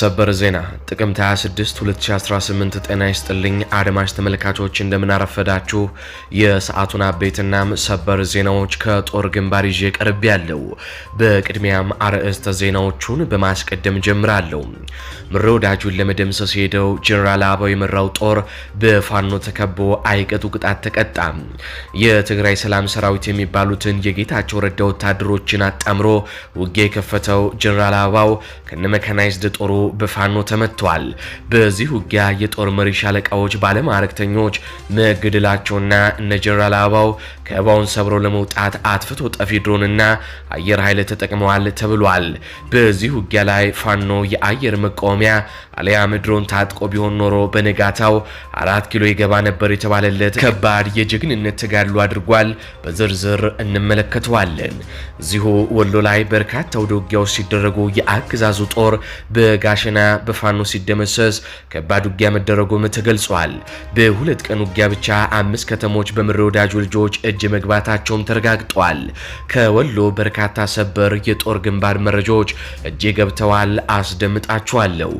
ሰበር ዜና ጥቅምት 26 2018። ጤና ይስጥልኝ አድማጭ ተመልካቾች እንደምናረፈዳችሁ። የሰዓቱን አበይትና ሰበር ዜናዎች ከጦር ግንባር ይዤ ቀርብ ያለው። በቅድሚያም አርዕስተ ዜናዎቹን በማስቀደም ጀምራለሁ። ምሬ ወዳጁን ለመደምሰስ ሄደው ጀኔራል አበባው የመራው ጦር በፋኖ ተከቦ አይቀጡ ቅጣት ተቀጣ። የትግራይ ሰላም ሰራዊት የሚባሉትን የጌታቸው ረዳ ወታደሮችን አጣምሮ ውጊያ የከፈተው ጀኔራል አበባው ከነመካናይዝድ ጦሩ በፋኖ ተመቷል። በዚህ ውጊያ የጦር መሪ ሻለቃዎች ባለማዕረግተኞች መገደላቸውና እነ ጀነራል አበባው ከበባውን ሰብሮ ለመውጣት አጥፍቶ ጠፊ ድሮንና አየር ኃይል ተጠቅመዋል ተብሏል። በዚህ ውጊያ ላይ ፋኖ የአየር መቃወሚያ አሊያም ድሮን ታጥቆ ቢሆን ኖሮ በነጋታው አራት ኪሎ ይገባ ነበር የተባለለት ከባድ የጀግንነት ተጋድሎ አድርጓል። በዝርዝር እንመለከተዋለን። እዚሁ ወሎ ላይ በርካታ ወደ ውጊያዎች ሲደረጉ የአገዛዙ ጦር በጋሸና በፋኖ ሲደመሰስ ከባድ ውጊያ መደረጉም ተገልጿል። በሁለት ቀን ውጊያ ብቻ አምስት ከተሞች በምድረ ወዳጁ ልጆች እጅ እጅ መግባታቸውም ተረጋግጧል። ከወሎ በርካታ ሰበር የጦር ግንባር መረጃዎች እጅ ገብተዋል። አስደምጣችኋለሁ።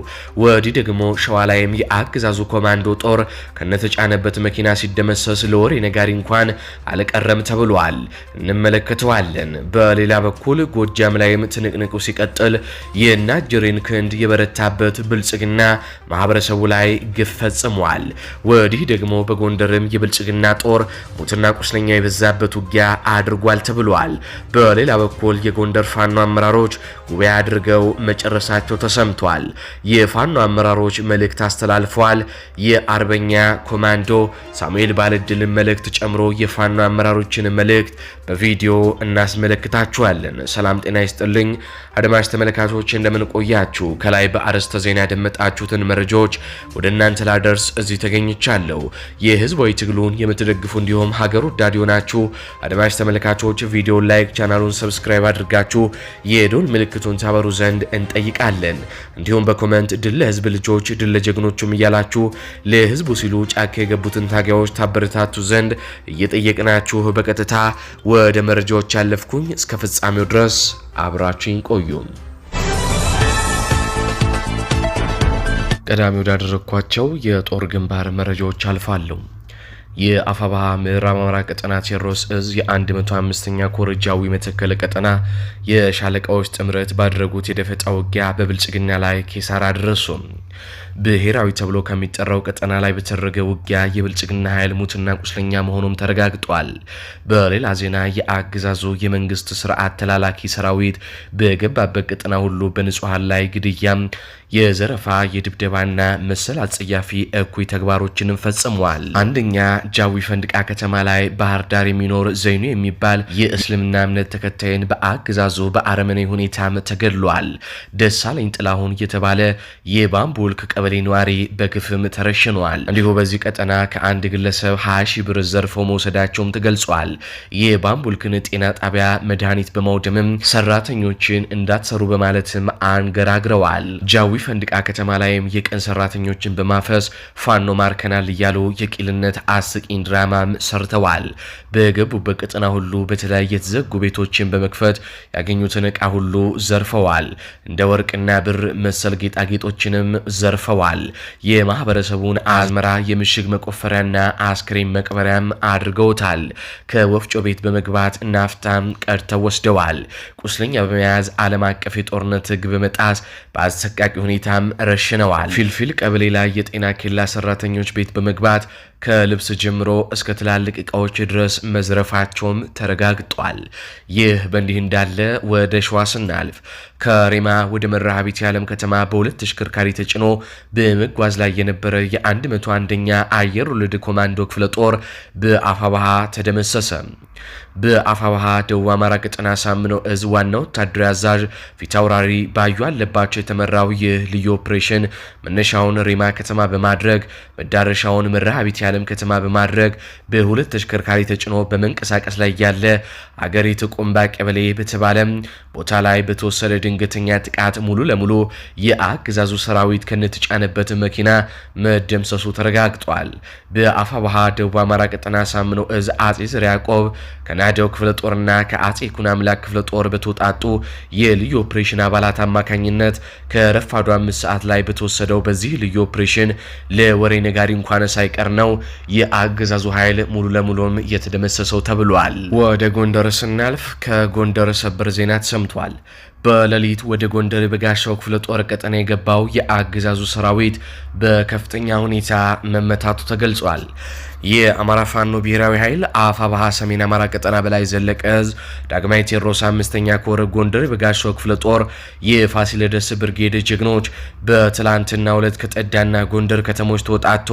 ወዲህ ደግሞ ሸዋ ላይም የአገዛዙ ኮማንዶ ጦር ከነተጫነበት መኪና ሲደመሰስ ለወሬ ነጋሪ እንኳን አልቀረም ተብሏል። እንመለከተዋለን። በሌላ በኩል ጎጃም ላይም ትንቅንቁ ሲቀጥል የናጀሬን ክንድ የበረታበት ብልጽግና ማህበረሰቡ ላይ ግፍ ፈጽሟል። ወዲህ ደግሞ በጎንደርም የብልጽግና ጦር ሙትና ቁስለኛ የበዛበት ውጊያ አድርጓል ተብሏል። በሌላ በኩል የጎንደር ፋኖ አመራሮች ጉባኤ አድርገው መጨረሳቸው ተሰምቷል። የፋኖ አመራሮች መልእክት አስተላልፈዋል። የአርበኛ ኮማንዶ ሳሙኤል ባለድልን መልእክት ጨምሮ የፋኖ አመራሮችን መልእክት በቪዲዮ እናስመለክታችኋለን። ሰላም ጤና ይስጥልኝ አድማጭ ተመልካቾች እንደምንቆያችሁ። ከላይ በአርዕስተ ዜና ያደመጣችሁትን መረጃዎች ወደ እናንተ ላደርስ እዚህ ተገኝቻለሁ። የህዝባዊ ትግሉን የምትደግፉ እንዲሁም ሀገር ወዳድ የሆናችሁ አድማጭ ተመልካቾች ቪዲዮን ላይክ፣ ቻናሉን ሰብስክራይብ አድርጋችሁ የዶል ምልክቱን ታበሩ ዘንድ እንጠይቃለን። እንዲሁም በኮመንት ድል ለህዝብ ልጆች ድል ለጀግኖቹም እያላችሁ ለህዝቡ ሲሉ ጫካ የገቡትን ታጋዮች ታበረታቱ ዘንድ እየጠየቅናችሁ በቀጥታ ወደ መረጃዎች ያለፍኩኝ። እስከ ፍጻሜው ድረስ አብራችሁኝ ቆዩም። ቀዳሚ ወዳደረግኳቸው የጦር ግንባር መረጃዎች አልፋለሁ። የአፋባሃ ምዕራብ አማራ ቀጠና ቴዎድሮስ እዝ የ105ኛ ኮረጃዊ መተከለ ቀጠና የሻለቃዎች ጥምረት ባደረጉት የደፈጣ ውጊያ በብልጽግና ላይ ኬሳራ አደረሱ። ብሔራዊ ተብሎ ከሚጠራው ቀጠና ላይ በተደረገ ውጊያ የብልጽግና ኃይል ሙትና ቁስለኛ መሆኑም ተረጋግጧል። በሌላ ዜና የአገዛዙ የመንግስት ስርዓት ተላላኪ ሰራዊት በገባበት ቀጠና ሁሉ በንጹሐን ላይ ግድያም የዘረፋ የድብደባና መሰል አጸያፊ እኩይ ተግባሮችንም ፈጽሟል። አንደኛ ጃዊ ፈንድቃ ከተማ ላይ ባህር ዳር የሚኖር ዘይኑ የሚባል የእስልምና እምነት ተከታይን በአገዛዙ በአረመኔ ሁኔታም ተገድሏል። ደሳለኝ ጥላሁን የተባለ የባምቡልክ ቀበሌ ነዋሪ በግፍም ተረሽኗል። እንዲሁ በዚህ ቀጠና ከአንድ ግለሰብ ሀያ ሺህ ብር ዘርፎ መውሰዳቸውም ተገልጿል። የባምቡልክን ጤና ጣቢያ መድኃኒት በማውደምም ሰራተኞችን እንዳትሰሩ በማለትም አንገራግረዋል። ጃዊ ፈንድቃ ከተማ ላይም የቀን ሰራተኞችን በማፈስ ፋኖ ማርከናል እያሉ የቂልነት አስቂኝ ድራማም ሰርተዋል። በገቡበት ቀጠና ሁሉ በተለያየ የተዘጉ ቤቶችን በመክፈት ያገኙትን ዕቃ ሁሉ ዘርፈዋል። እንደ ወርቅና ብር መሰል ጌጣጌጦችንም ዘርፈዋል። የማህበረሰቡን አዝመራ የምሽግ መቆፈሪያና አስክሬን መቅበሪያም አድርገውታል። ከወፍጮ ቤት በመግባት ናፍታም ቀድተው ወስደዋል። ቁስለኛ በመያዝ ዓለም አቀፍ የጦርነት ህግ በመጣስ በአሰቃቂ ሁኔታም ረሽነዋል። ፊልፊል ቀበሌ ላይ የጤና ኬላ ሰራተኞች ቤት በመግባት ከልብስ ጀምሮ እስከ ትላልቅ እቃዎች ድረስ መዝረፋቸውም ተረጋግጧል። ይህ በእንዲህ እንዳለ ወደ ሸዋ ስናልፍ ከሬማ ወደ ቤት የዓለም ከተማ በሁለት ተሽከርካሪ ተጭኖ በመጓዝ ላይ የነበረ የ መቶ አንደኛ አየር ወለድ ኮማንዶ ክፍለ ጦር በአፋባሃ ተደመሰሰ። በአፋባሃ ደቡብ አማራ ቀጠና ሳምነው እዝ ዋና ወታደራዊ አዛዥ ፊታውራሪ ባዩ አለባቸው የተመራው ይህ ልዩ ኦፕሬሽን መነሻውን ሪማ ከተማ በማድረግ መዳረሻውን መርሐቤቴ ዓለም ከተማ በማድረግ በሁለት ተሽከርካሪ ተጭኖ በመንቀሳቀስ ላይ ያለ አገሪቱ ቁምባ ቀበሌ በተባለ ቦታ ላይ በተወሰደ ድንገተኛ ጥቃት ሙሉ ለሙሉ የአገዛዙ ሰራዊት ከነተጫነበት መኪና መደምሰሱ ተረጋግጧል። በአፋባሃ ደቡብ አማራ ቀጠና ሳምነው እዝ አጼ ዘርዓ ያዕቆብ ከናደው ክፍለ ጦርና ከአጼ ኩና አምላክ ክፍለ ጦር በተውጣጡ የልዩ ኦፕሬሽን አባላት አማካኝነት ከረፋዱ አምስት ሰዓት ላይ በተወሰደው በዚህ ልዩ ኦፕሬሽን ለወሬ ነጋሪ እንኳን ሳይቀር ነው የአገዛዙ ኃይል ሙሉ ለሙሉም የተደመሰሰው ተብሏል። ወደ ጎንደር ስናልፍ ከጎንደር ሰበር ዜና ተሰምቷል። በሌሊት ወደ ጎንደር በጋሻው ክፍለ ጦር ቀጠና የገባው የአገዛዙ ሰራዊት በከፍተኛ ሁኔታ መመታቱ ተገልጿል። የአማራ ፋኖ ብሔራዊ ኃይል አፋ ባሃ ሰሜን አማራ ቀጠና በላይ ዘለቀ እዝ ዳግማዊ ቴዎድሮስ አምስተኛ ኮር ጎንደር በጋሻው ክፍለ ጦር የፋሲለደስ ብርጌድ ጀግኖች በትላንትና ሁለት ከጠዳና ጎንደር ከተሞች ተወጣቶ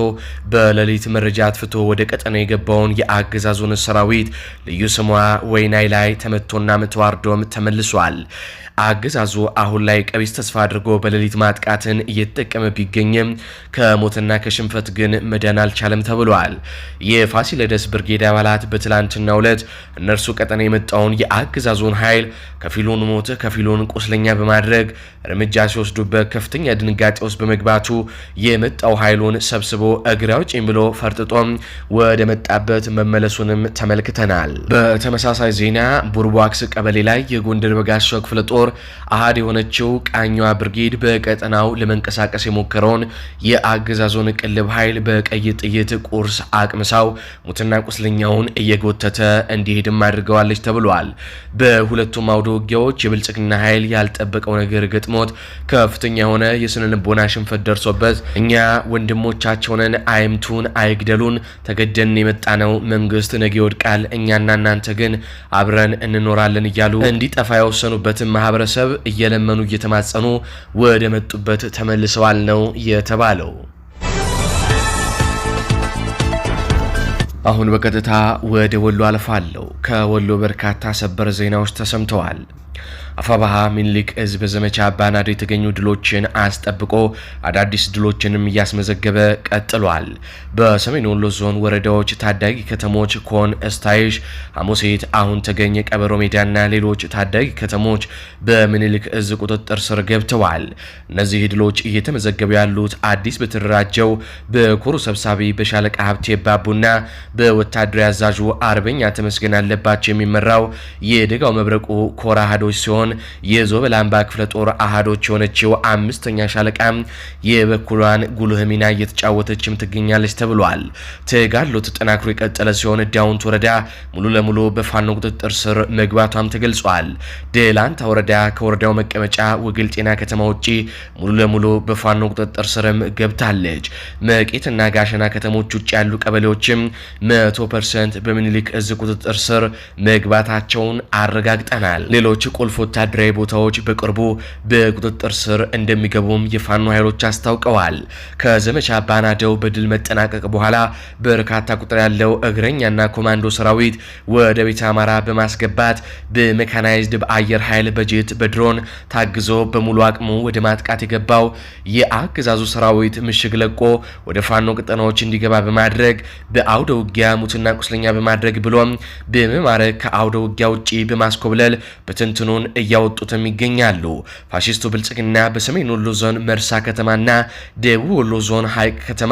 በሌሊት መረጃ አጥፍቶ ወደ ቀጠና የገባውን የአገዛዙን ሰራዊት ልዩ ስሟ ወይናይ ላይ ተመቶና ምትዋርዶም ተመልሷል። አገዛዙ አሁን ላይ ቀቢስ ተስፋ አድርጎ በሌሊት ማጥቃትን እየተጠቀመ ቢገኝም ከሞትና ከሽንፈት ግን መዳን አልቻለም ተብሏል። የፋሲለደስ ብርጌድ አባላት በትላንትናው ዕለት እነርሱ ቀጠና የመጣውን የአገዛዙን ኃይል ከፊሉን ሞተ ከፊሉን ቁስለኛ በማድረግ እርምጃ ሲወስዱበት ከፍተኛ ድንጋጤ ውስጥ በመግባቱ የመጣው ኃይሉን ሰብስቦ እግሬ አውጪኝ ብሎ ፈርጥጦም ወደ መጣበት መመለሱንም ተመልክተናል። በተመሳሳይ ዜና ቡርቧክስ ቀበሌ ላይ የጎንደር በጋሻው ክፍለ ጦር አሃድ የሆነችው ቃኛዋ ብርጌድ በቀጠናው ለመንቀሳቀስ የሞከረውን የአግዛዞን ቅልብ ኃይል በቀይ ጥይት ቁርስ አ አቅምሳው ሙትና ቁስለኛውን እየጎተተ እንዲሄድም አድርገዋለች ተብሏል። በሁለቱም አውደ ውጊያዎች የብልጽግና ኃይል ያልጠበቀው ነገር ገጥሞት ከፍተኛ የሆነ የስነ ልቦና ሽንፈት ደርሶበት እኛ ወንድሞቻቸውን አይምቱን፣ አይግደሉን ተገደን የመጣ ነው መንግስት ነገ ይወድቃል፣ እኛና እናንተ ግን አብረን እንኖራለን እያሉ እንዲጠፋ የወሰኑበትን ማህበረሰብ እየለመኑ እየተማጸኑ ወደ መጡበት ተመልሰዋል ነው የተባለው። አሁን በቀጥታ ወደ ወሎ አልፋለሁ። ከወሎ በርካታ ሰበር ዜናዎች ተሰምተዋል። አፋባሃ ሚኒሊክ እዝ በዘመቻ አባናዶ የተገኙ ድሎችን አስጠብቆ አዳዲስ ድሎችንም እያስመዘገበ ቀጥሏል። በሰሜን ወሎ ዞን ወረዳዎች ታዳጊ ከተሞች ኮን፣ እስታይሽ፣ ሐሙሴት፣ አሁን ተገኘ፣ ቀበሮ ሜዳና ሌሎች ታዳጊ ከተሞች በሚኒሊክ እዝ ቁጥጥር ስር ገብተዋል። እነዚህ ድሎች እየተመዘገቡ ያሉት አዲስ በተደራጀው በኮሩ ሰብሳቢ በሻለቃ ሀብቴ ባቡና በወታደራዊ አዛዡ አርበኛ ተመስገን አለባቸው የሚመራው የደጋው መብረቁ ኮራ አህዶች ሲሆን ሲሆን የዞበላምባ ክፍለ ጦር አሃዶች የሆነችው አምስተኛ ሻለቃ የበኩሏን ጉልህ ሚና እየተጫወተችም ትገኛለች ተብሏል። ተጋድሎ ተጠናክሮ የቀጠለ ሲሆን ዳውንት ወረዳ ሙሉ ለሙሉ በፋኖ ቁጥጥር ስር መግባቷም ተገልጿል። ደላንታ ወረዳ ከወረዳው መቀመጫ ወግል ጤና ከተማ ውጪ ሙሉ ለሙሉ በፋኖ ቁጥጥር ስርም ገብታለች። መቄትና ጋሸና ከተሞች ውጭ ያሉ ቀበሌዎችም መቶ ፐርሰንት በምኒልክ እዝ ቁጥጥር ስር መግባታቸውን አረጋግጠናል። ሌሎች ቁልፍ ወታደራዊ ቦታዎች በቅርቡ በቁጥጥር ስር እንደሚገቡም የፋኖ ኃይሎች አስታውቀዋል። ከዘመቻ ባናደው በድል መጠናቀቅ በኋላ በርካታ ቁጥር ያለው እግረኛና ኮማንዶ ሰራዊት ወደ ቤተ አማራ በማስገባት በሜካናይዝድ በአየር ኃይል በጀት በድሮን ታግዞ በሙሉ አቅሙ ወደ ማጥቃት የገባው የአገዛዙ ሰራዊት ምሽግ ለቆ ወደ ፋኖ ቀጠናዎች እንዲገባ በማድረግ በአውደ ውጊያ ሙትና ቁስለኛ በማድረግ ብሎም በመማረክ ከአውደ ውጊያ ውጪ በማስኮብለል በትንትኑን እያወጡትም ይገኛሉ። ፋሽስቱ ብልጽግና በሰሜን ወሎ ዞን መርሳ ከተማና ደቡብ ወሎ ዞን ሀይቅ ከተማ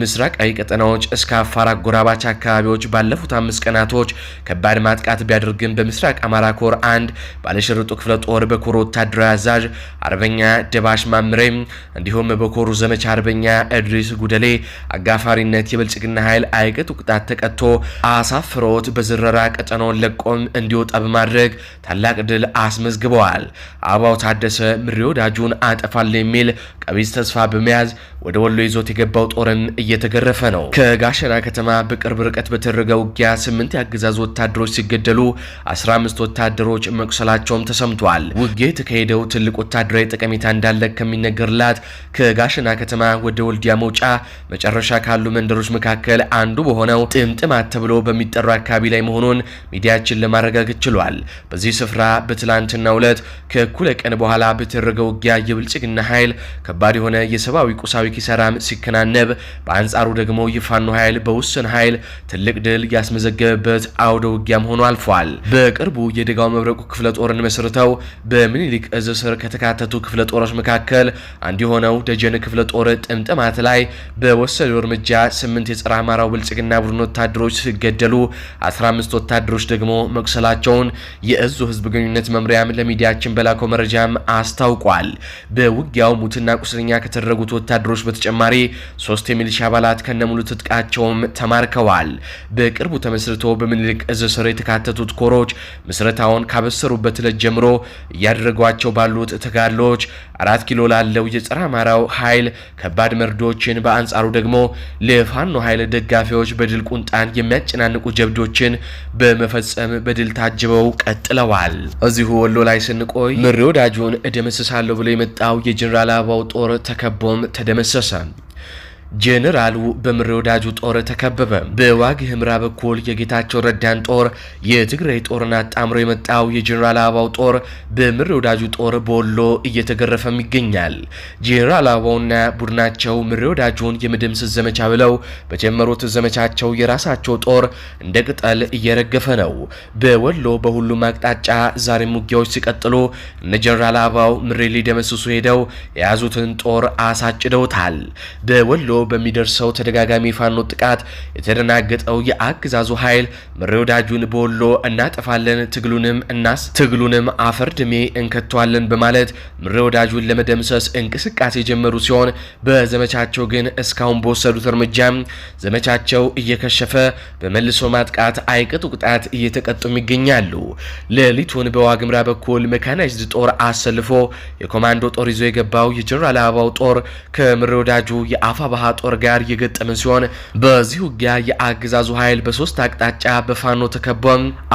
ምስራቃዊ ቀጠናዎች እስከ አፋር አጎራባች አካባቢዎች ባለፉት አምስት ቀናቶች ከባድ ማጥቃት ቢያደርግም በምስራቅ አማራ ኮር አንድ ባለሽርጡ ክፍለ ጦር በኮር ወታደራዊ አዛዥ አርበኛ ደባሽ ማምሬ እንዲሁም በኮሩ ዘመቻ አርበኛ እድሪስ ጉደሌ አጋፋሪነት የብልጽግና ኃይል አይቅጡ ቅጣት ተቀጥቶ አሳፍሮት በዝረራ ቀጠናውን ለቆም እንዲወጣ በማድረግ ታላቅ ድል አስመ አስመዝግበዋል። አበባው ታደሰ ምሬ ወዳጁን አጠፋል የሚል ቀቢስ ተስፋ በመያዝ ወደ ወሎ ይዞት የገባው ጦርን እየተገረፈ ነው። ከጋሸና ከተማ በቅርብ ርቀት በተደረገ ውጊያ ስምንት የአገዛዙ ወታደሮች ሲገደሉ 15 ወታደሮች መቁሰላቸውም ተሰምቷል። ውጊያ የተካሄደው ትልቅ ወታደራዊ ጠቀሜታ እንዳለ ከሚነገርላት ከጋሸና ከተማ ወደ ወልዲያ መውጫ መጨረሻ ካሉ መንደሮች መካከል አንዱ በሆነው ጥምጥማት ተብሎ በሚጠራው አካባቢ ላይ መሆኑን ሚዲያችን ለማረጋገጥ ችሏል። በዚህ ስፍራ በትላንት በትናንትናው ዕለት ከእኩለ ቀን በኋላ በተደረገው ውጊያ የብልጽግና ኃይል ከባድ የሆነ የሰብአዊ ቁሳዊ ኪሰራም ሲከናነብ፣ በአንጻሩ ደግሞ የፋኖ ኃይል በውስን ኃይል ትልቅ ድል ያስመዘገበበት አውደ ውጊያም ሆኖ አልፏል። በቅርቡ የደጋው መብረቁ ክፍለ ጦርን መስርተው በምኒልክ እዝ ስር ከተካተቱ ክፍለ ጦሮች መካከል አንድ የሆነው ደጀን ክፍለ ጦር ጥምጥማት ላይ በወሰደው እርምጃ ስምንት የጸረ አማራው ብልጽግና ቡድን ወታደሮች ሲገደሉ 15 ወታደሮች ደግሞ መቁሰላቸውን የእዙ ህዝብ ግንኙነት መምሪያ ሚዲያም ለሚዲያችን በላከው መረጃም አስታውቋል። በውጊያው ሙትና ቁስለኛ ከተደረጉት ወታደሮች በተጨማሪ ሶስት የሚሊሻ አባላት ከነሙሉ ትጥቃቸውም ተማርከዋል። በቅርቡ ተመስርቶ በምኒልክ እዝ ስር የተካተቱት ኮሮች ምስረታውን ካበሰሩበት ዕለት ጀምሮ እያደረጓቸው ባሉት ተጋድሎች አራት ኪሎ ላለው የጸረ አማራው ኃይል ከባድ መርዶችን በአንጻሩ ደግሞ ለፋኖ ኃይል ደጋፊዎች በድል ቁንጣን የሚያጨናንቁ ጀብዶችን በመፈጸም በድል ታጅበው ቀጥለዋል። እዚሁ ወሎ ላይ ስንቆይ ምሬ ወዳጅን እደመስሳለሁ ብሎ የመጣው የጀኔራል አበባው ጦር ተከቦም ተደመሰሰ። ጄኔራሉ በምሬ ወዳጁ ጦር ተከበበ። በዋግ ህምራ በኩል የጌታቸው ረዳን ጦር የትግራይ ጦርን አጣምሮ የመጣው የጄኔራል አበባው ጦር በምሬ ወዳጁ ጦር በወሎ እየተገረፈም ይገኛል። ጄኔራል አበባውና ቡድናቸው ምሬ ወዳጁን የመደምሰስ ዘመቻ ብለው በጀመሩት ዘመቻቸው የራሳቸው ጦር እንደ ቅጠል እየረገፈ ነው። በወሎ በሁሉም አቅጣጫ ዛሬም ውጊያዎች ሲቀጥሉ እነ ጄኔራል አበባው ምሬ ሊደመስሱ ሄደው የያዙትን ጦር አሳጭደውታል። በወሎ በሚደርሰው ተደጋጋሚ ፋኖ ጥቃት የተደናገጠው የአገዛዙ ኃይል ምሬ ወዳጁን በወሎ እናጠፋለን፣ ትግሉንም እናስ ትግሉንም አፈር ድሜ በማለት ምሬ ወዳጁን ለመደምሰስ እንቅስቃሴ የጀመሩ ሲሆን በዘመቻቸው ግን እስካሁን በወሰዱት እርምጃ ዘመቻቸው እየከሸፈ በመልሶ ማጥቃት አይቀጡ ቅጣት እየተቀጡም ይገኛሉ። ሌሊቱን በዋግምራ በኩል ሜካናይዝድ ጦር አሰልፎ የኮማንዶ ጦር ይዞ የገባው የጀኔራል አበባው ጦር ከምሬ ወዳጁ የአፋ ባህር ጦር ጋር የገጠመ ሲሆን በዚህ ውጊያ የአገዛዙ ኃይል በሶስት አቅጣጫ በፋኖ ተከቦ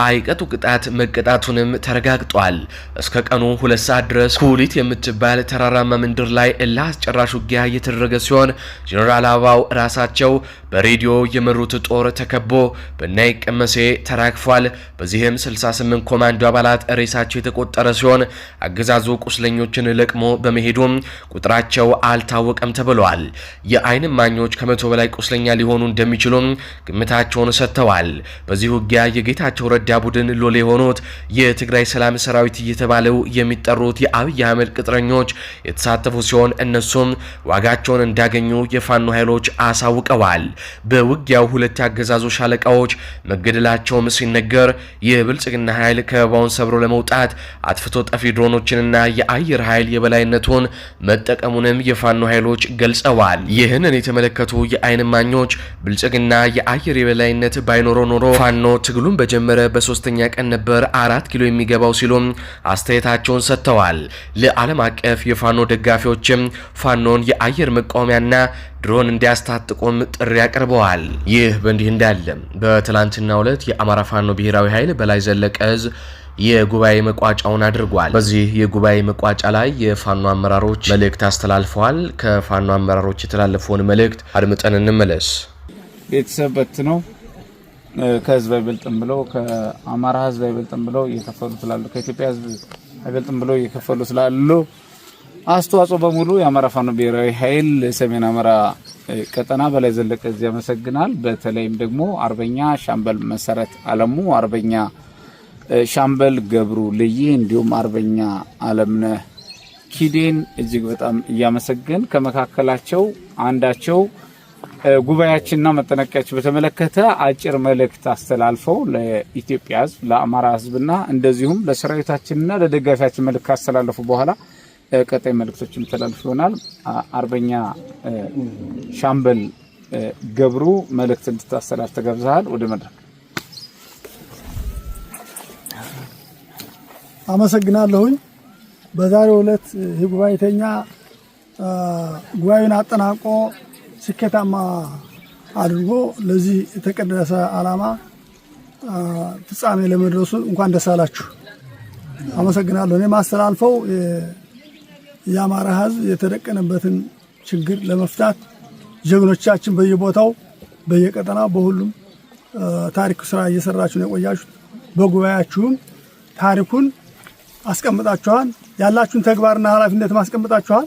አይቀጡ ቅጣት መቀጣቱንም ተረጋግጧል። እስከ ቀኑ ሁለት ሰዓት ድረስ ኩሊት የምትባል ተራራማ መንደር ላይ እልህ አስጨራሽ ውጊያ እየተደረገ ሲሆን ጀኔራል አበባው ራሳቸው በሬዲዮ የመሩት ጦር ተከቦ በናይ ቀመሴ ተራግፏል። በዚህም 68 ኮማንዶ አባላት ሬሳቸው የተቆጠረ ሲሆን አገዛዙ ቁስለኞችን ለቅሞ በመሄዱም ቁጥራቸው አልታወቀም ተብሏል። የአይነ የዓይን እማኞች ከመቶ በላይ ቁስለኛ ሊሆኑ እንደሚችሉም ግምታቸውን ሰጥተዋል። በዚህ ውጊያ የጌታቸው ረዳ ቡድን ሎሌ የሆኑት የትግራይ ሰላም ሰራዊት እየተባለው የሚጠሩት የአብይ አህመድ ቅጥረኞች የተሳተፉ ሲሆን እነሱም ዋጋቸውን እንዳገኙ የፋኖ ኃይሎች አሳውቀዋል። በውጊያው ሁለት ያገዛዙ ሻለቃዎች መገደላቸውም ሲነገር የብልጽግና ኃይል ከበባውን ሰብሮ ለመውጣት አጥፍቶ ጠፊ ድሮኖችንና የአየር ኃይል የበላይነቱን መጠቀሙንም የፋኖ ኃይሎች ገልጸዋል። ይህንን ሁነትን የተመለከቱ የአይን ማኞች ብልጽግና የአየር የበላይነት ባይኖሮ ኖሮ ፋኖ ትግሉን በጀመረ በሶስተኛ ቀን ነበር አራት ኪሎ የሚገባው ሲሉም አስተያየታቸውን ሰጥተዋል። ለዓለም አቀፍ የፋኖ ደጋፊዎችም ፋኖን የአየር መቃወሚያና ድሮን እንዲያስታጥቁም ጥሪ አቅርበዋል። ይህ በእንዲህ እንዳለ በትላንትናው ዕለት የአማራ ፋኖ ብሔራዊ ኃይል በላይ ዘለቀ ህዝብ። የጉባኤ መቋጫውን አድርጓል። በዚህ የጉባኤ መቋጫ ላይ የፋኖ አመራሮች መልእክት አስተላልፈዋል። ከፋኖ አመራሮች የተላለፈውን መልእክት አድምጠን እንመለስ። ቤተሰብ በት ነው ከህዝብ አይበልጥም ብለው ከአማራ ህዝብ አይበልጥም ብለው እየከፈሉ ስላሉ ከኢትዮጵያ ህዝብ አይበልጥም ብለው እየከፈሉ ስላሉ አስተዋጽኦ በሙሉ የአማራ ፋኖ ብሔራዊ ኃይል ሰሜን አማራ ቀጠና በላይ ዘለቀ እዚህ ያመሰግናል። በተለይም ደግሞ አርበኛ ሻምበል መሰረት አለሙ አርበኛ ሻምበል ገብሩ ልይ እንዲሁም አርበኛ አለምነህ ኪዴን እጅግ በጣም እያመሰገን ከመካከላቸው አንዳቸው ጉባኤያችንና መጠናቀቂያችን በተመለከተ አጭር መልእክት አስተላልፈው ለኢትዮጵያ ሕዝብ ለአማራ ሕዝብና እንደዚሁም ለሰራዊታችንና ለደጋፊያችን መልእክት ካስተላለፉ በኋላ ቀጣይ መልእክቶችም ተላልፍ ይሆናል። አርበኛ ሻምበል ገብሩ መልእክት እንድታስተላልፍ ተጋብዘሃል። ወደ መድረክ አመሰግናለሁኝ። በዛሬው ዕለት ይህ ጉባኤተኛ ጉባኤውን አጠናቆ ስኬታማ አድርጎ ለዚህ የተቀደሰ ዓላማ ፍጻሜ ለመድረሱ እንኳን ደስ አላችሁ። አመሰግናለሁ። እኔ ማስተላልፈው የአማራ ሕዝብ የተደቀነበትን ችግር ለመፍታት ጀግኖቻችን በየቦታው በየቀጠናው በሁሉም ታሪክ ስራ እየሰራችሁ ነው የቆያችሁት። በጉባኤያችሁም ታሪኩን አስቀምጣችኋል። ያላችሁን ተግባርና ኃላፊነት ማስቀምጣችኋል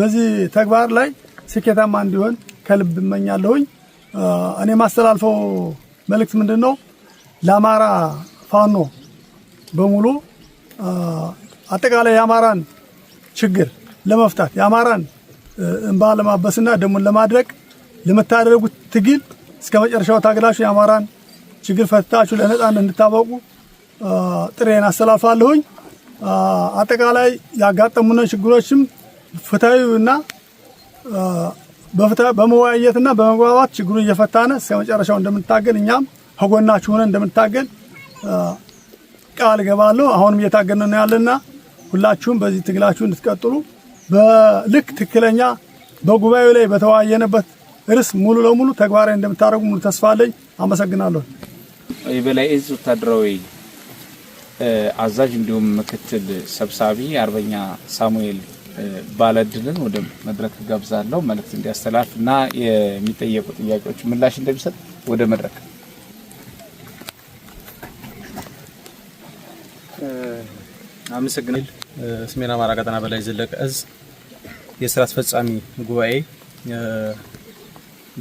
በዚህ ተግባር ላይ ስኬታማ እንዲሆን ከልብ እመኛለሁኝ። እኔ ማስተላልፈው መልእክት ምንድን ነው? ለአማራ ፋኖ በሙሉ አጠቃላይ የአማራን ችግር ለመፍታት የአማራን እንባ ለማበስና ደሙን ለማድረግ ለምታደርጉት ትግል እስከ መጨረሻው ታግላችሁ የአማራን ችግር ፈታችሁ ለነጻነት እንድታበቁ ጥሬን አስተላልፋለሁኝ። አጠቃላይ ያጋጠሙን ችግሮችም ፍትሐዊና በመወያየትና በመግባባት ችግሩን እየፈታነ እስከ መጨረሻው እንደምንታገል እኛም ከጎናችሁ ሆነን እንደምንታገል ቃል ገባለሁ። አሁንም እየታገነ ነው ያለና ሁላችሁም በዚህ ትግላችሁ እንድትቀጥሉ በልክ ትክክለኛ በጉባኤው ላይ በተወያየነበት ርዕስ ሙሉ ለሙሉ ተግባራዊ እንደምታደርጉ ሙሉ ተስፋ አለኝ። አመሰግናለሁ። የበላይ እዝ ወታደራዊ አዛዥ እንዲሁም ምክትል ሰብሳቢ አርበኛ ሳሙኤል ባለድልን ወደ መድረክ ጋብዛለሁ መልእክት እንዲያስተላልፍ እና የሚጠየቁ ጥያቄዎች ምላሽ እንደሚሰጥ ወደ መድረክ። አመሰግናል። ስሜን አማራ ቀጠና በላይ ዘለቀ እዝ የስራ አስፈጻሚ ጉባኤ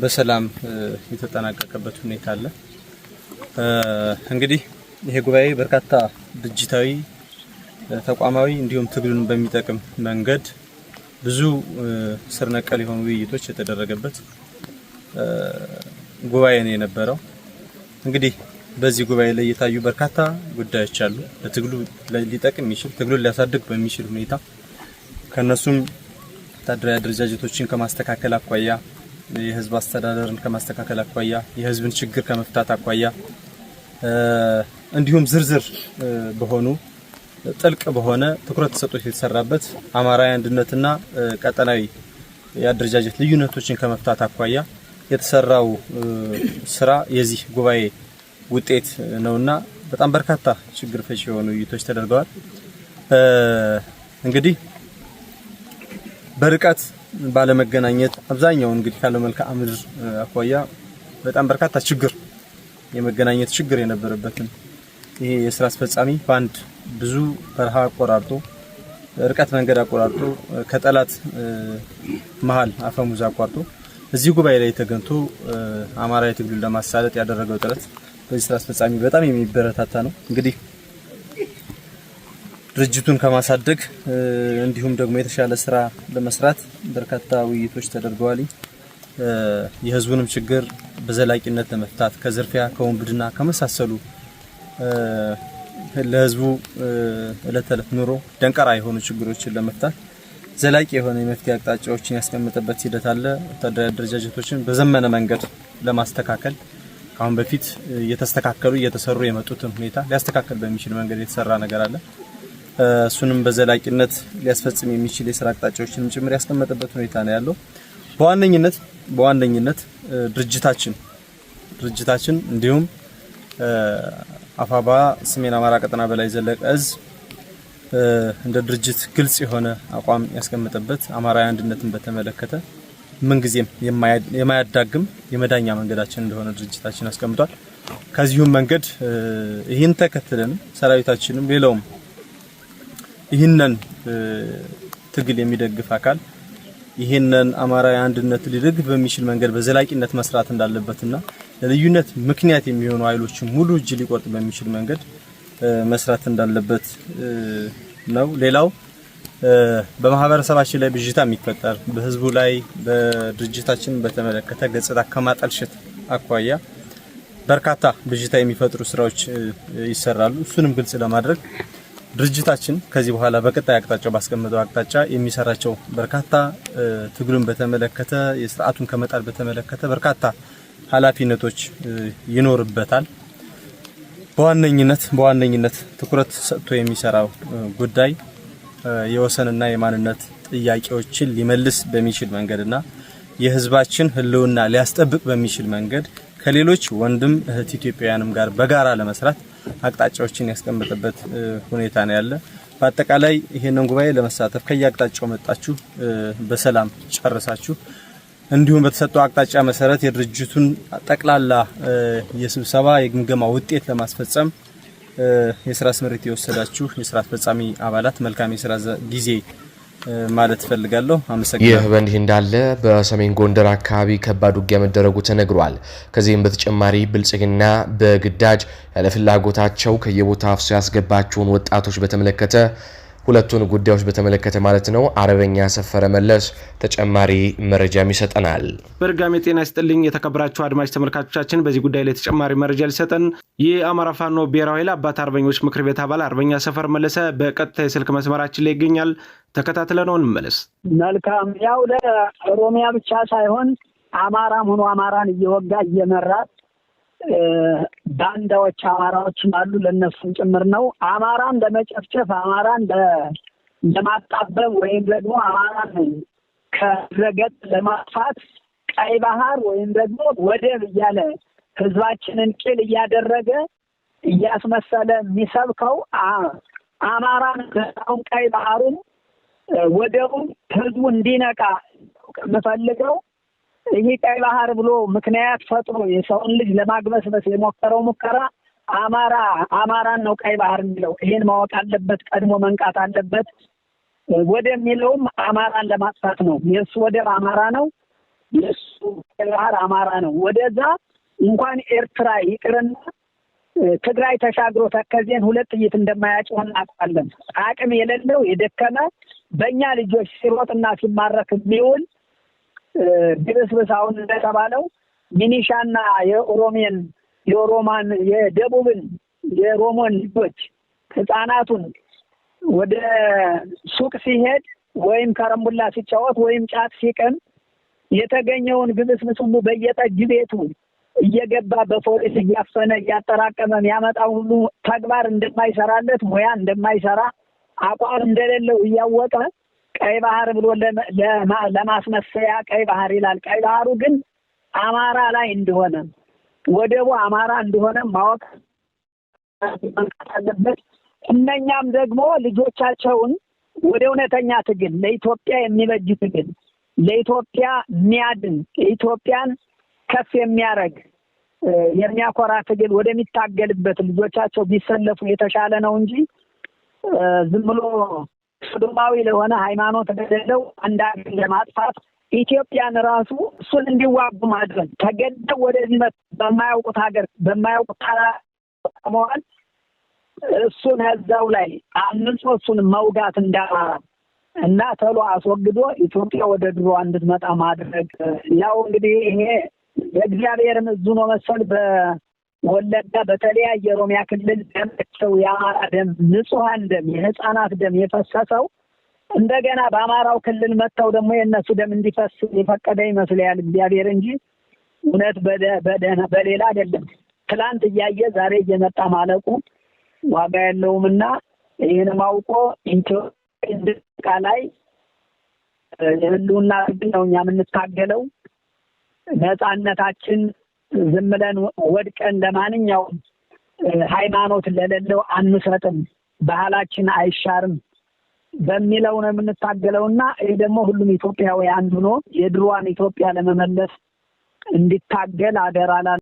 በሰላም የተጠናቀቀበት ሁኔታ አለ እንግዲህ ይሄ ጉባኤ በርካታ ድርጅታዊ፣ ተቋማዊ እንዲሁም ትግሉን በሚጠቅም መንገድ ብዙ ስር ነቀል የሆኑ ውይይቶች የተደረገበት ጉባኤ ነው የነበረው። እንግዲህ በዚህ ጉባኤ ላይ የታዩ በርካታ ጉዳዮች አሉ። ለትግሉ ሊጠቅም የሚችል ትግሉን ሊያሳድግ በሚችል ሁኔታ ከነሱም ወታደራዊ አደረጃጀቶችን ከማስተካከል አኳያ፣ የህዝብ አስተዳደርን ከማስተካከል አኳያ፣ የህዝብን ችግር ከመፍታት አኳያ እንዲሁም ዝርዝር በሆኑ ጥልቅ በሆነ ትኩረት ተሰጥቶት የተሰራበት አማራዊ አንድነትና ቀጠናዊ የአደረጃጀት ልዩነቶችን ከመፍታት አኳያ የተሰራው ስራ የዚህ ጉባኤ ውጤት ነውና በጣም በርካታ ችግር ፈች የሆኑ ውይይቶች ተደርገዋል። እንግዲህ በርቀት ባለመገናኘት አብዛኛው እንግዲህ ካለው መልክዓ ምድር አኳያ በጣም በርካታ ችግር የመገናኘት ችግር የነበረበትን ይሄ የስራ አስፈጻሚ በአንድ ብዙ በረሃ አቆራርጦ ርቀት መንገድ አቆራርጦ ከጠላት መሀል አፈሙዝ አቋርጦ እዚህ ጉባኤ ላይ ተገኝቶ አማራዊ ትግሉን ለማሳለጥ ያደረገው ጥረት በዚህ ስራ አስፈጻሚ በጣም የሚበረታታ ነው። እንግዲህ ድርጅቱን ከማሳደግ እንዲሁም ደግሞ የተሻለ ስራ ለመስራት በርካታ ውይይቶች ተደርገዋል። የህዝቡንም ችግር በዘላቂነት ለመፍታት ከዝርፊያ፣ ከወንብድና ከመሳሰሉ ለህዝቡ እለት ተዕለት ኑሮ ደንቀራ የሆኑ ችግሮችን ለመፍታት ዘላቂ የሆነ የመፍትሄ አቅጣጫዎችን ያስቀምጠበት ሂደት አለ። ወታደራዊ አደረጃጀቶችን በዘመነ መንገድ ለማስተካከል ከአሁን በፊት እየተስተካከሉ እየተሰሩ የመጡትን ሁኔታ ሊያስተካከል በሚችል መንገድ የተሰራ ነገር አለ። እሱንም በዘላቂነት ሊያስፈጽም የሚችል የስራ አቅጣጫዎችንም ጭምር ያስቀመጠበት ሁኔታ ነው ያለው። በዋነኝነት በዋነኝነት ድርጅታችን ድርጅታችን እንዲሁም አፋባ ሰሜን አማራ ቀጠና በላይ ዘለቀ እዝ እንደ ድርጅት ግልጽ የሆነ አቋም ያስቀመጠበት አማራዊ አንድነትን በተመለከተ ምንጊዜም የማያዳግም የመዳኛ መንገዳችን እንደሆነ ድርጅታችን አስቀምጧል። ከዚሁም መንገድ ይህን ተከትለንም ሰራዊታችንም ሌላውም ይህንን ትግል የሚደግፍ አካል ይህንን አማራዊ አንድነት ሊደግፍ በሚችል መንገድ በዘላቂነት መስራት እንዳለበትና ለልዩነት ምክንያት የሚሆኑ ኃይሎችን ሙሉ እጅ ሊቆርጥ በሚችል መንገድ መስራት እንዳለበት ነው። ሌላው በማህበረሰባችን ላይ ብዥታ የሚፈጠር በህዝቡ ላይ በድርጅታችን በተመለከተ ገጽታ ከማጠልሸት አኳያ በርካታ ብዥታ የሚፈጥሩ ስራዎች ይሰራሉ። እሱንም ግልጽ ለማድረግ ድርጅታችን ከዚህ በኋላ በቀጣይ አቅጣጫ ባስቀመጠው አቅጣጫ የሚሰራቸው በርካታ ትግሉን በተመለከተ የስርዓቱን ከመጣል በተመለከተ በርካታ ኃላፊነቶች ይኖርበታል። በዋነኝነት በዋነኝነት ትኩረት ሰጥቶ የሚሰራው ጉዳይ የወሰንና የማንነት ጥያቄዎችን ሊመልስ በሚችል መንገድና የሕዝባችን ሕልውና ሊያስጠብቅ በሚችል መንገድ ከሌሎች ወንድም እህት ኢትዮጵያውያንም ጋር በጋራ ለመስራት አቅጣጫዎችን ያስቀመጠበት ሁኔታ ነው ያለ። በአጠቃላይ ይህንን ጉባኤ ለመሳተፍ ከየአቅጣጫው መጣችሁ በሰላም ጨርሳችሁ እንዲሁም በተሰጠው አቅጣጫ መሰረት የድርጅቱን ጠቅላላ የስብሰባ የግምገማ ውጤት ለማስፈጸም የስራ ስምሪት የወሰዳችሁ የስራ አስፈጻሚ አባላት መልካም የስራ ጊዜ ማለት እፈልጋለሁ። አመሰግናለሁ። ይህ በእንዲህ እንዳለ በሰሜን ጎንደር አካባቢ ከባድ ውጊያ መደረጉ ተነግሯል። ከዚህም በተጨማሪ ብልጽግና በግዳጅ ያለፍላጎታቸው ከየቦታ አፍሶ ያስገባቸውን ወጣቶች በተመለከተ ሁለቱን ጉዳዮች በተመለከተ ማለት ነው። አረበኛ ሰፈረ መለስ ተጨማሪ መረጃም ይሰጠናል። በድጋሚ ጤና ይስጥልኝ የተከበራችሁ አድማጭ ተመልካቾቻችን፣ በዚህ ጉዳይ ላይ ተጨማሪ መረጃ ሊሰጠን የአማራ ፋኖ ብሔራዊ ኃይል አባት አርበኞች ምክር ቤት አባል አርበኛ ሰፈር መለሰ በቀጥታ የስልክ መስመራችን ላይ ይገኛል። ተከታትለ ነው እንመለስ። መልካም ያው ለኦሮሚያ ብቻ ሳይሆን አማራም ሆኖ አማራን እየወጋ እየመራት ባንዳዎች አማራዎችም አሉ። ለእነሱም ጭምር ነው አማራን ለመጨፍጨፍ አማራን ለማጣበብ ወይም ደግሞ አማራን ከረገጥ ለማጥፋት ቀይ ባህር ወይም ደግሞ ወደብ እያለ ህዝባችንን ቅል እያደረገ እያስመሰለ የሚሰብከው አማራን አሁን ቀይ ባህሩን ወደቡን ህዝቡ እንዲነቃ የምፈልገው ይሄ ቀይ ባህር ብሎ ምክንያት ፈጥሮ የሰውን ልጅ ለማግበስበስ የሞከረው ሙከራ አማራ አማራን ነው ቀይ ባህር የሚለው። ይሄን ማወቅ አለበት፣ ቀድሞ መንቃት አለበት ወደሚለውም አማራን ለማጥፋት ነው። የእሱ ወደብ አማራ ነው። የእሱ ቀይ ባህር አማራ ነው። ወደዛ እንኳን ኤርትራ ይቅርና ትግራይ ተሻግሮ ተከዜን ሁለት ጥይት እንደማያጭው እናውቃለን። አቅም የሌለው የደከመ በእኛ ልጆች ሲሮጥና ሲማረክ የሚውል ድብስብስ አሁን እንደተባለው ሚኒሻና የኦሮሜን የኦሮማን የደቡብን የሮሞን ልጆች ህፃናቱን ወደ ሱቅ ሲሄድ ወይም ከረምቡላ ሲጫወት ወይም ጫት ሲቅም የተገኘውን ግብስብስሙ በየጠጅ ቤቱ እየገባ በፖሊስ እያፈነ እያጠራቀመ የሚያመጣው ሁሉ ተግባር እንደማይሰራለት ሙያ እንደማይሰራ አቋም እንደሌለው እያወቀ ቀይ ባህር ብሎ ለማስመሰያ ቀይ ባህር ይላል። ቀይ ባህሩ ግን አማራ ላይ እንደሆነ ወደቡ አማራ እንደሆነ ማወቅ አለበት። እነኛም ደግሞ ልጆቻቸውን ወደ እውነተኛ ትግል ለኢትዮጵያ የሚበጅ ትግል ለኢትዮጵያ የሚያድን ኢትዮጵያን ከፍ የሚያደርግ የሚያኮራ ትግል ወደሚታገልበት ልጆቻቸው ቢሰለፉ የተሻለ ነው እንጂ ዝም ብሎ ሶዶማዊ ለሆነ ሃይማኖት ገደለው አንዳንድ ለማጥፋት ኢትዮጵያን ራሱ እሱን እንዲዋጉ ማድረግ ተገደው ወደዚህ መ በማያውቁት ሀገር በማያውቁት መዋል እሱን እዛው ላይ አንጾ እሱን መውጋት እንዳማራ እና ተሎ አስወግዶ ኢትዮጵያ ወደ ድሮ እንድትመጣ ማድረግ ያው እንግዲህ ይሄ የእግዚአብሔርም እዙ ነው መሰል ወለጋ በተለያየ የሮሚያ ክልል ደማቸው የአማራ ደም ንጹሐን ደም የህፃናት ደም የፈሰሰው እንደገና በአማራው ክልል መጥተው ደግሞ የእነሱ ደም እንዲፈስ የፈቀደ ይመስለያል እግዚአብሔር እንጂ እውነት በሌላ አይደለም። ትላንት እያየ ዛሬ እየመጣ ማለቁ ዋጋ የለውምና ይህንም አውቆ ኢትዮጵያ ላይ የህልውና ትግል ነው እኛ የምንታገለው ነፃነታችን ዝም ብለን ወድቀን ለማንኛውም ሃይማኖት ለሌለው አንሰጥም፣ ባህላችን አይሻርም በሚለው ነው የምንታገለውና ይህ ደግሞ ሁሉም ኢትዮጵያዊ አንድ ሆኖ የድሮዋን ኢትዮጵያ ለመመለስ እንዲታገል አደራላል።